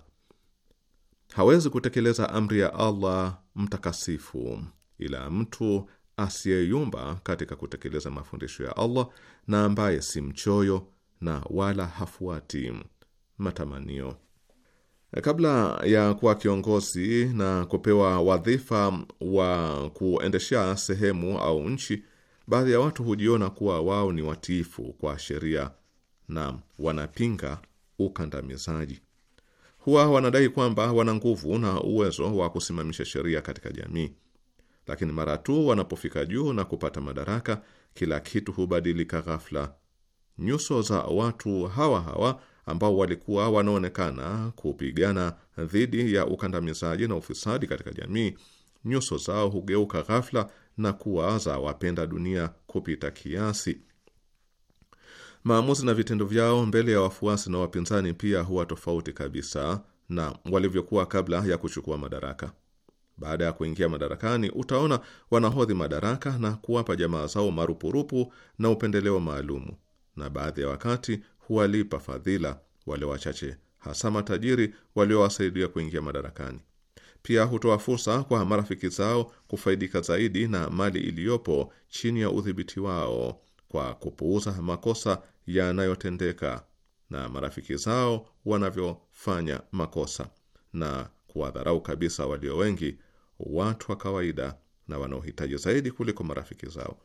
hawezi kutekeleza amri ya Allah mtakasifu ila mtu asiyeyumba katika kutekeleza mafundisho ya Allah na ambaye si mchoyo na wala hafuati matamanio. Kabla ya kuwa kiongozi na kupewa wadhifa wa kuendeshea sehemu au nchi, baadhi ya watu hujiona kuwa wao ni watiifu kwa sheria na wanapinga ukandamizaji. Huwa wanadai kwamba wana nguvu na uwezo wa kusimamisha sheria katika jamii, lakini mara tu wanapofika juu na kupata madaraka, kila kitu hubadilika ghafla nyuso za watu hawa hawa ambao walikuwa wanaonekana kupigana dhidi ya ukandamizaji na ufisadi katika jamii, nyuso zao hugeuka ghafla na kuwa za wapenda dunia kupita kiasi. Maamuzi na vitendo vyao mbele ya wafuasi na wapinzani pia huwa tofauti kabisa na walivyokuwa kabla ya kuchukua madaraka. Baada ya kuingia madarakani, utaona wanahodhi madaraka na kuwapa jamaa zao marupurupu na upendeleo maalumu na baadhi ya wakati huwalipa fadhila wale wachache, hasa matajiri waliowasaidia kuingia madarakani. Pia hutoa fursa kwa marafiki zao kufaidika zaidi na mali iliyopo chini ya udhibiti wao kwa kupuuza makosa yanayotendeka na marafiki zao wanavyofanya makosa na kuwadharau kabisa walio wengi, watu wa kawaida na wanaohitaji zaidi kuliko marafiki zao.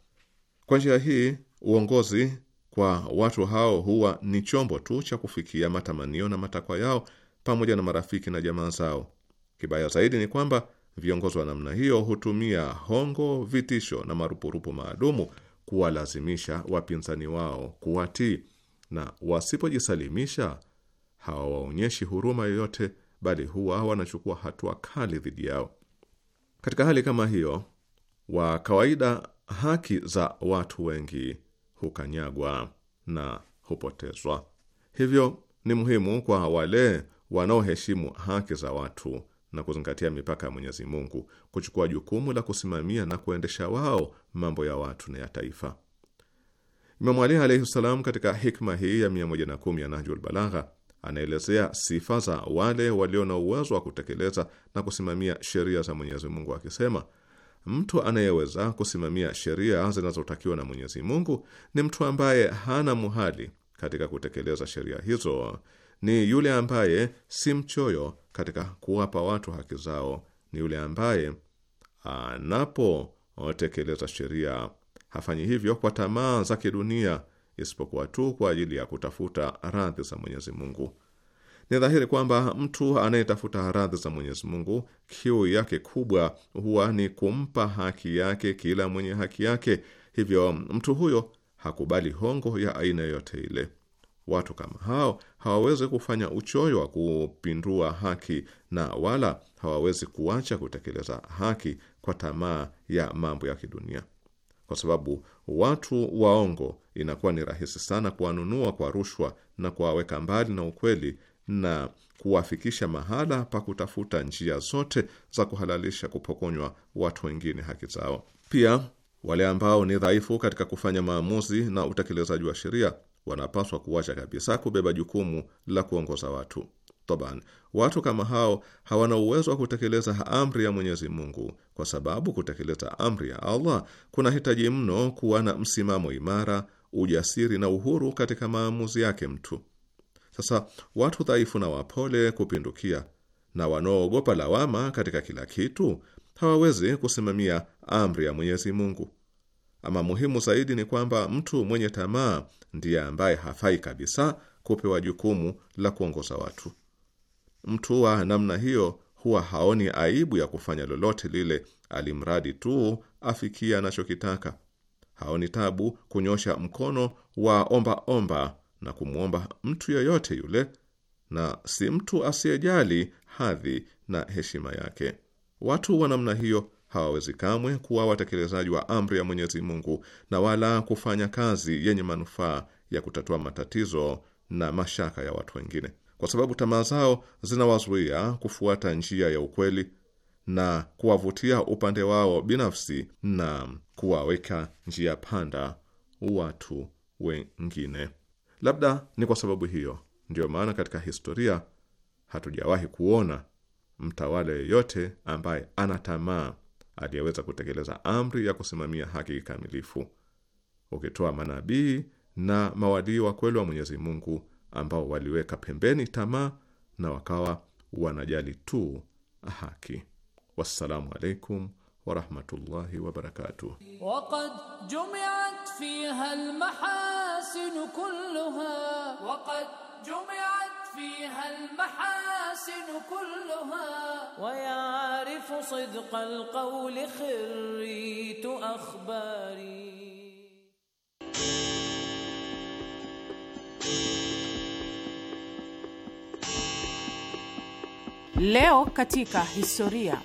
Kwa njia hii uongozi kwa watu hao huwa ni chombo tu cha kufikia matamanio na matakwa yao pamoja na marafiki na jamaa zao. Kibaya zaidi ni kwamba viongozi wa namna hiyo hutumia hongo, vitisho na marupurupu maalumu kuwalazimisha wapinzani wao kuwatii, na wasipojisalimisha hawawaonyeshi huruma yoyote, bali huwa wanachukua hatua kali dhidi yao. Katika hali kama hiyo, wa kawaida haki za watu wengi hukanyagwa na hupotezwa. Hivyo ni muhimu kwa wale wanaoheshimu haki za watu na kuzingatia mipaka ya Mwenyezi Mungu kuchukua jukumu la kusimamia na kuendesha wao mambo ya watu na ya taifa. Imamu Ali alaihi salam katika hikma hii ya 110 ya Nahjul Balagha anaelezea sifa za wale walio na uwezo wa kutekeleza na kusimamia sheria za Mwenyezi Mungu akisema Mtu anayeweza kusimamia sheria zinazotakiwa na Mwenyezi Mungu ni mtu ambaye hana muhali katika kutekeleza sheria hizo, ni yule ambaye si mchoyo katika kuwapa watu haki zao, ni yule ambaye anapotekeleza sheria hafanyi hivyo kwa tamaa za kidunia, isipokuwa tu kwa ajili ya kutafuta radhi za Mwenyezi Mungu. Ni dhahiri kwamba mtu anayetafuta radhi za Mwenyezi Mungu, kiu yake kubwa huwa ni kumpa haki yake kila mwenye haki yake. Hivyo mtu huyo hakubali hongo ya aina yoyote ile. Watu kama hao hawawezi kufanya uchoyo wa kupindua haki na wala hawawezi kuacha kutekeleza haki kwa tamaa ya mambo ya kidunia, kwa sababu watu waongo inakuwa ni rahisi sana kuwanunua kwa rushwa na kuwaweka mbali na ukweli na kuwafikisha mahala pa kutafuta njia zote za kuhalalisha kupokonywa watu wengine haki zao. Pia wale ambao ni dhaifu katika kufanya maamuzi na utekelezaji wa sheria wanapaswa kuacha kabisa kubeba jukumu la kuongoza watu. Toban, watu kama hao hawana uwezo wa kutekeleza amri ya Mwenyezi Mungu, kwa sababu kutekeleza amri ya Allah kunahitaji mno kuwa na msimamo imara, ujasiri na uhuru katika maamuzi yake mtu. Sasa watu dhaifu na wapole kupindukia na wanaoogopa lawama katika kila kitu hawawezi kusimamia amri ya Mwenyezi Mungu. Ama muhimu zaidi ni kwamba mtu mwenye tamaa ndiye ambaye hafai kabisa kupewa jukumu la kuongoza watu. Mtu wa namna hiyo huwa haoni aibu ya kufanya lolote lile, alimradi tu afikie anachokitaka. Haoni tabu kunyosha mkono wa omba omba na kumwomba mtu yoyote yule, na si mtu asiyejali hadhi na heshima yake. Watu wa namna hiyo hawawezi kamwe kuwa watekelezaji wa amri ya Mwenyezi Mungu na wala kufanya kazi yenye manufaa ya kutatua matatizo na mashaka ya watu wengine, kwa sababu tamaa zao zinawazuia kufuata njia ya ukweli na kuwavutia upande wao binafsi na kuwaweka njia panda watu wengine. Labda ni kwa sababu hiyo ndiyo maana katika historia hatujawahi kuona mtawala yeyote ambaye ana tamaa aliyeweza kutekeleza amri ya kusimamia haki kikamilifu, ukitoa manabii na mawalii wa kweli wa Mwenyezi Mungu ambao waliweka pembeni tamaa na wakawa wanajali tu haki. Wassalamu alaikum ورحمة الله وبركاته وقد جمعت فيها المحاسن كلها وقد جمعت فيها المحاسن كلها ويعرف صدق القول خريت أخباري Leo katika historia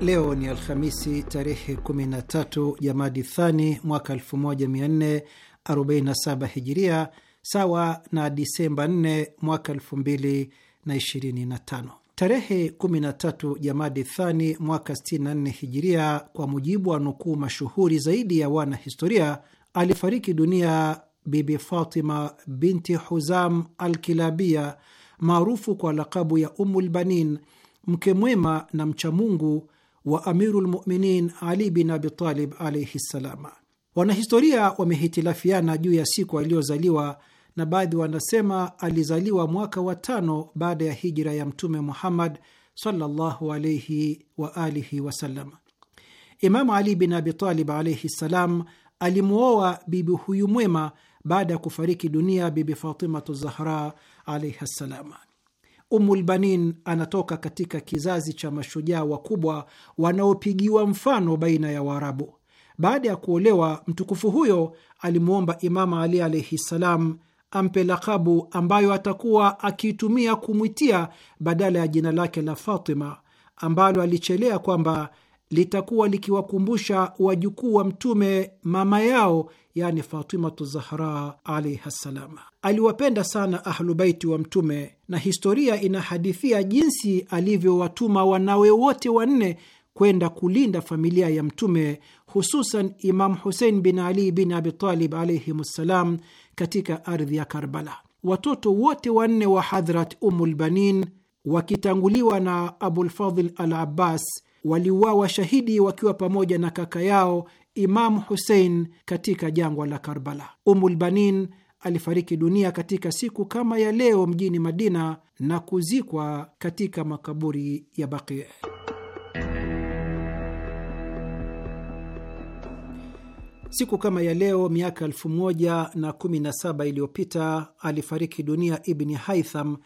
Leo ni Alhamisi tarehe 13 Jamadi Thani mwaka 1447 Hijiria, sawa na Disemba 4 mwaka 2025. Tarehe 13 Jamadi Thani mwaka 64 Hijiria, kwa mujibu wa nukuu mashuhuri zaidi ya wanahistoria, alifariki dunia Bibi Fatima binti Huzam kilabia maarufu kwa lakabu ya Ummulbanin, mke mwema na mchamungu wa Amiru lmuminin Ali bin Abitalib alaihi ssalama. Wanahistoria wamehitilafiana juu ya siku aliyozaliwa na baadhi wanasema alizaliwa mwaka wa tano baada ya hijra ya Mtume Muhammad sallallahu alaihi wa alihi wasallam. Imamu Ali bin Abitalib alaihi ssalam alimwoa bibi huyu mwema baada ya kufariki dunia Bibi Fatimatu Zahra alaihi ssalama. Umulbanin anatoka katika kizazi cha mashujaa wakubwa wanaopigiwa mfano baina ya Waarabu. Baada ya kuolewa, mtukufu huyo alimwomba Imama Ali alaihi ssalam ampe lakabu ambayo atakuwa akiitumia kumwitia badala ya jina lake la Fatima ambalo alichelea kwamba litakuwa likiwakumbusha wajukuu wa Mtume mama yao, yani Fatimatu Zahra alaihi ssalam. Aliwapenda sana Ahlubaiti wa Mtume, na historia inahadithia jinsi alivyowatuma wanawe wote wanne kwenda kulinda familia ya Mtume, hususan Imamu Husein bin Ali bin Abitalib alaihim ssalam, katika ardhi ya Karbala. Watoto wote wanne wa Hadhrat Ummulbanin wakitanguliwa na Abulfadhl al Abbas waliuawa shahidi wakiwa pamoja na kaka yao Imamu Husein katika jangwa la Karbala. Umulbanin alifariki dunia katika siku kama ya leo mjini Madina na kuzikwa katika makaburi ya Baqi. Siku kama ya leo miaka elfu na iliyopita alifariki dunia Ibni Haitham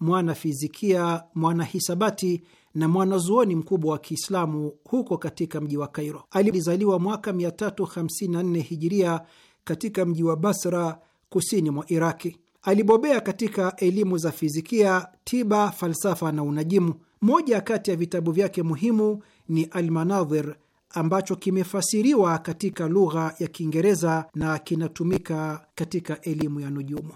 mwanafizikia, mwanahisabati na mwanazuoni mkubwa wa Kiislamu huko katika mji wa Kairo. Alizaliwa mwaka 354 hijiria katika mji wa Basra, kusini mwa Iraki. Alibobea katika elimu za fizikia, tiba, falsafa na unajimu. Moja kati ya vitabu vyake muhimu ni Almanadhir ambacho kimefasiriwa katika lugha ya Kiingereza na kinatumika katika elimu ya nujumu.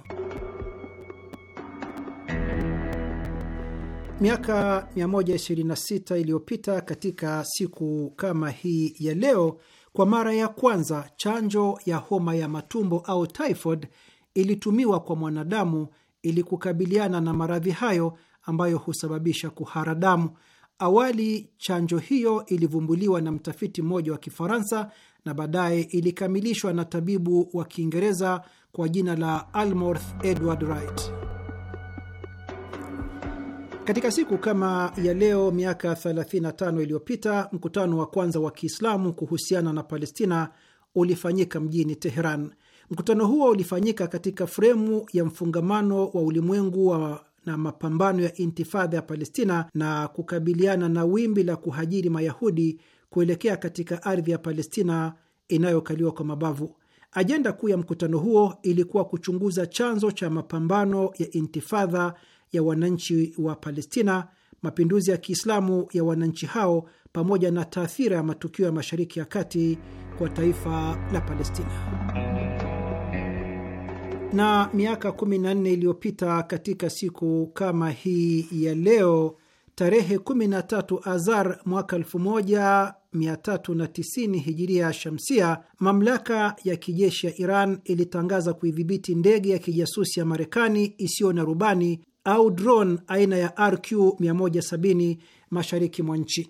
Miaka 126 iliyopita katika siku kama hii ya leo, kwa mara ya kwanza chanjo ya homa ya matumbo au typhoid ilitumiwa kwa mwanadamu ili kukabiliana na maradhi hayo ambayo husababisha kuhara damu. Awali chanjo hiyo ilivumbuliwa na mtafiti mmoja wa Kifaransa na baadaye ilikamilishwa na tabibu wa Kiingereza kwa jina la Almorth Edward Wright. Katika siku kama ya leo miaka 35 iliyopita mkutano wa kwanza wa Kiislamu kuhusiana na Palestina ulifanyika mjini Teheran. Mkutano huo ulifanyika katika fremu ya mfungamano wa ulimwengu wa na mapambano ya intifadha ya Palestina na kukabiliana na wimbi la kuhajiri Mayahudi kuelekea katika ardhi ya Palestina inayokaliwa kwa mabavu. Ajenda kuu ya mkutano huo ilikuwa kuchunguza chanzo cha mapambano ya intifadha ya wananchi wa Palestina, mapinduzi ya Kiislamu ya wananchi hao, pamoja na taathira ya matukio ya Mashariki ya Kati kwa taifa la Palestina. Na miaka 14 iliyopita katika siku kama hii ya leo tarehe 13 Azar mwaka 1390 hijiria shamsia, mamlaka ya kijeshi ya Iran ilitangaza kuidhibiti ndege ya kijasusi ya Marekani isiyo na rubani au drone aina ya RQ170 mashariki mwa nchi.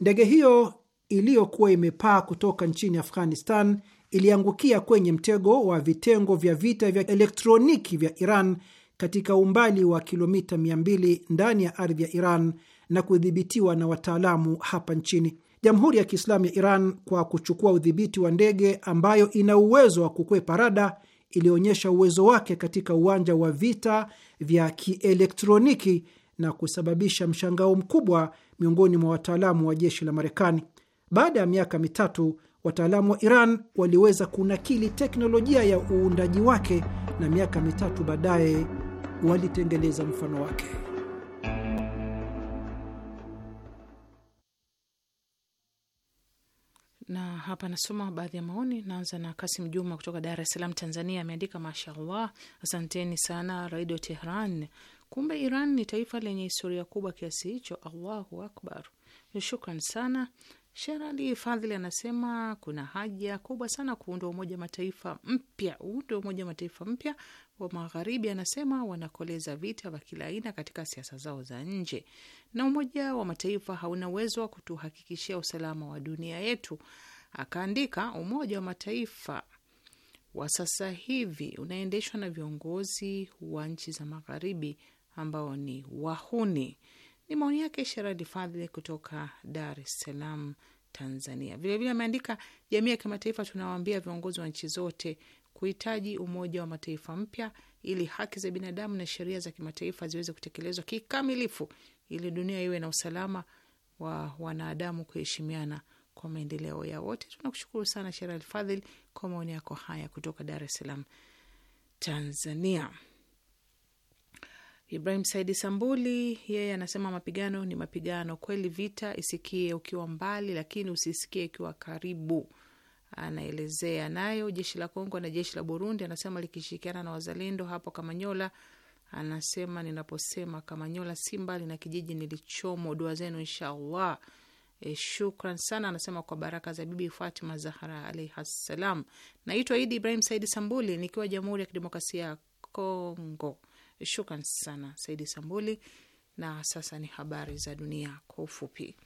Ndege hiyo iliyokuwa imepaa kutoka nchini Afghanistan iliangukia kwenye mtego wa vitengo vya vita vya elektroniki vya Iran katika umbali wa kilomita 200 ndani ya ardhi ya Iran na kudhibitiwa na wataalamu hapa nchini. Jamhuri ya Kiislamu ya Iran, kwa kuchukua udhibiti wa ndege ambayo ina uwezo wa kukwepa rada, ilionyesha uwezo wake katika uwanja wa vita vya kielektroniki na kusababisha mshangao mkubwa miongoni mwa wataalamu wa jeshi la Marekani. Baada ya miaka mitatu, wataalamu wa Iran waliweza kunakili teknolojia ya uundaji wake, na miaka mitatu baadaye walitengeleza mfano wake. na hapa nasoma baadhi ya maoni. Naanza na Kasim Juma kutoka Dar es Salaam, Tanzania. Ameandika mashallah, asanteni sana Radio Tehran. Kumbe Iran ni taifa lenye historia kubwa kiasi hicho. Allahu akbar, shukran sana. Sherali Fadhili anasema kuna haja kubwa sana kuundwa Umoja Mataifa mpya, uundwe Umoja Mataifa mpya wa Magharibi anasema wanakoleza vita vya kila aina katika siasa zao za nje, na Umoja wa Mataifa hauna uwezo wa kutuhakikishia usalama wa dunia yetu. Akaandika, Umoja wa Mataifa wa sasa hivi unaendeshwa na viongozi wa nchi za Magharibi ambao ni wahuni. Ni maoni yake Sherali Fadhili kutoka Dar es Salaam, Tanzania. Vilevile ameandika, jamii ya kimataifa tunawaambia viongozi wa nchi zote kuhitaji Umoja wa Mataifa mpya ili haki za binadamu na sheria za kimataifa ziweze kutekelezwa kikamilifu ili dunia iwe na usalama wa wanadamu kuheshimiana kwa maendeleo ya wote. Tunakushukuru sana Shera Alfadhil kwa maoni yako haya kutoka Dar es Salaam, Tanzania. Ibrahim Saidi Sambuli yeye anasema mapigano ni mapigano kweli, vita isikie ukiwa mbali, lakini usisikie ukiwa karibu anaelezea nayo. Jeshi la Kongo na jeshi la Burundi anasema likishirikiana na wazalendo hapo Kamanyola. Anasema ninaposema Kamanyola si mbali na kijiji nilichomo. Dua zenu inshallah. E, shukran sana. Anasema kwa baraka za Bibi Fatima Zahra alaihi salam. Naitwa Idi Ibrahim Saidi Sambuli nikiwa Jamhuri ya Kidemokrasia ya Kongo. E, shukran sana Saidi Sambuli, na sasa ni habari za dunia kwa ufupi.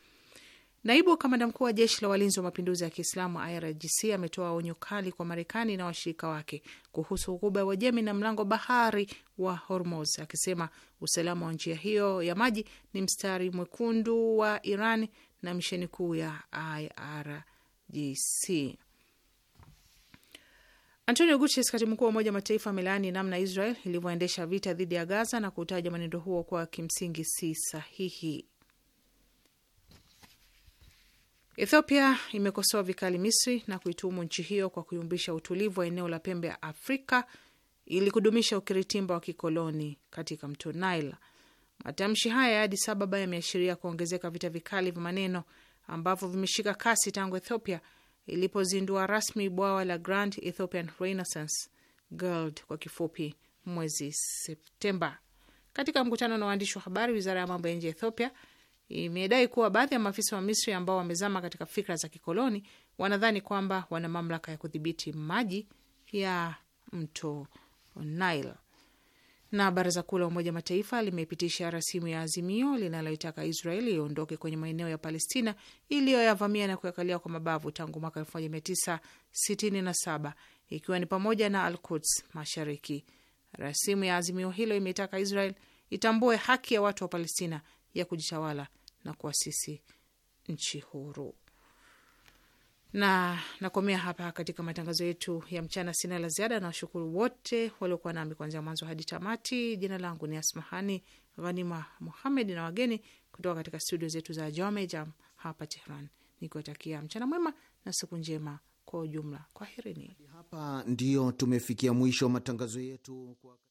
Naibu kamanda mkuu wa jeshi la walinzi wa mapinduzi ya Kiislamu IRGC ametoa onyo kali kwa Marekani na washirika wake kuhusu ghuba ya Uajemi na mlango bahari wa Hormuz, akisema usalama wa njia hiyo ya maji ni mstari mwekundu wa Iran na misheni kuu ya IRGC. Antonio Guterres, katibu mkuu wa Umoja wa Mataifa, amelaani namna Israel ilivyoendesha vita dhidi ya Gaza na kutaja mwenendo huo kuwa kimsingi si sahihi. Ethiopia imekosoa vikali Misri na kuituhumu nchi hiyo kwa kuyumbisha utulivu wa eneo la pembe ya Afrika ili kudumisha ukiritimba wa kikoloni katika mto Nile. Matamshi haya ya Addis Ababa yameashiria kuongezeka vita vikali vya maneno ambavyo vimeshika kasi tangu Ethiopia ilipozindua rasmi bwawa la Grand Ethiopian Renaissance Gold kwa kifupi mwezi Septemba. Katika mkutano na waandishi wa habari, wizara ya mambo ya nje ya Ethiopia imedai kuwa baadhi ya maafisa wa Misri ambao wamezama katika fikra za kikoloni wanadhani kwamba wana mamlaka ya kudhibiti maji ya mto Nile. Na baraza kuu la Umoja Mataifa limepitisha rasimu ya azimio linaloitaka Israeli iondoke kwenye maeneo ya Palestina iliyoyavamia na kuyakalia kwa mabavu tangu mwaka 1967 ikiwa ni pamoja na Al Quds Mashariki. Rasimu ya azimio hilo imeitaka Israel itambue haki ya watu wa Palestina ya kujitawala na kuasisi nchi huru. Na nakomea hapa katika matangazo yetu ya mchana. Sina la ziada na washukuru wote waliokuwa nami kuanzia mwanzo hadi tamati. Jina langu ni Asmahani Ghanima Muhamed na wageni kutoka katika studio zetu za Jamejam hapa Tehran, nikiwatakia mchana mwema na siku njema kwa ujumla. Kwaherini. Hapa ndiyo tumefikia mwisho wa matangazo yetu kwa...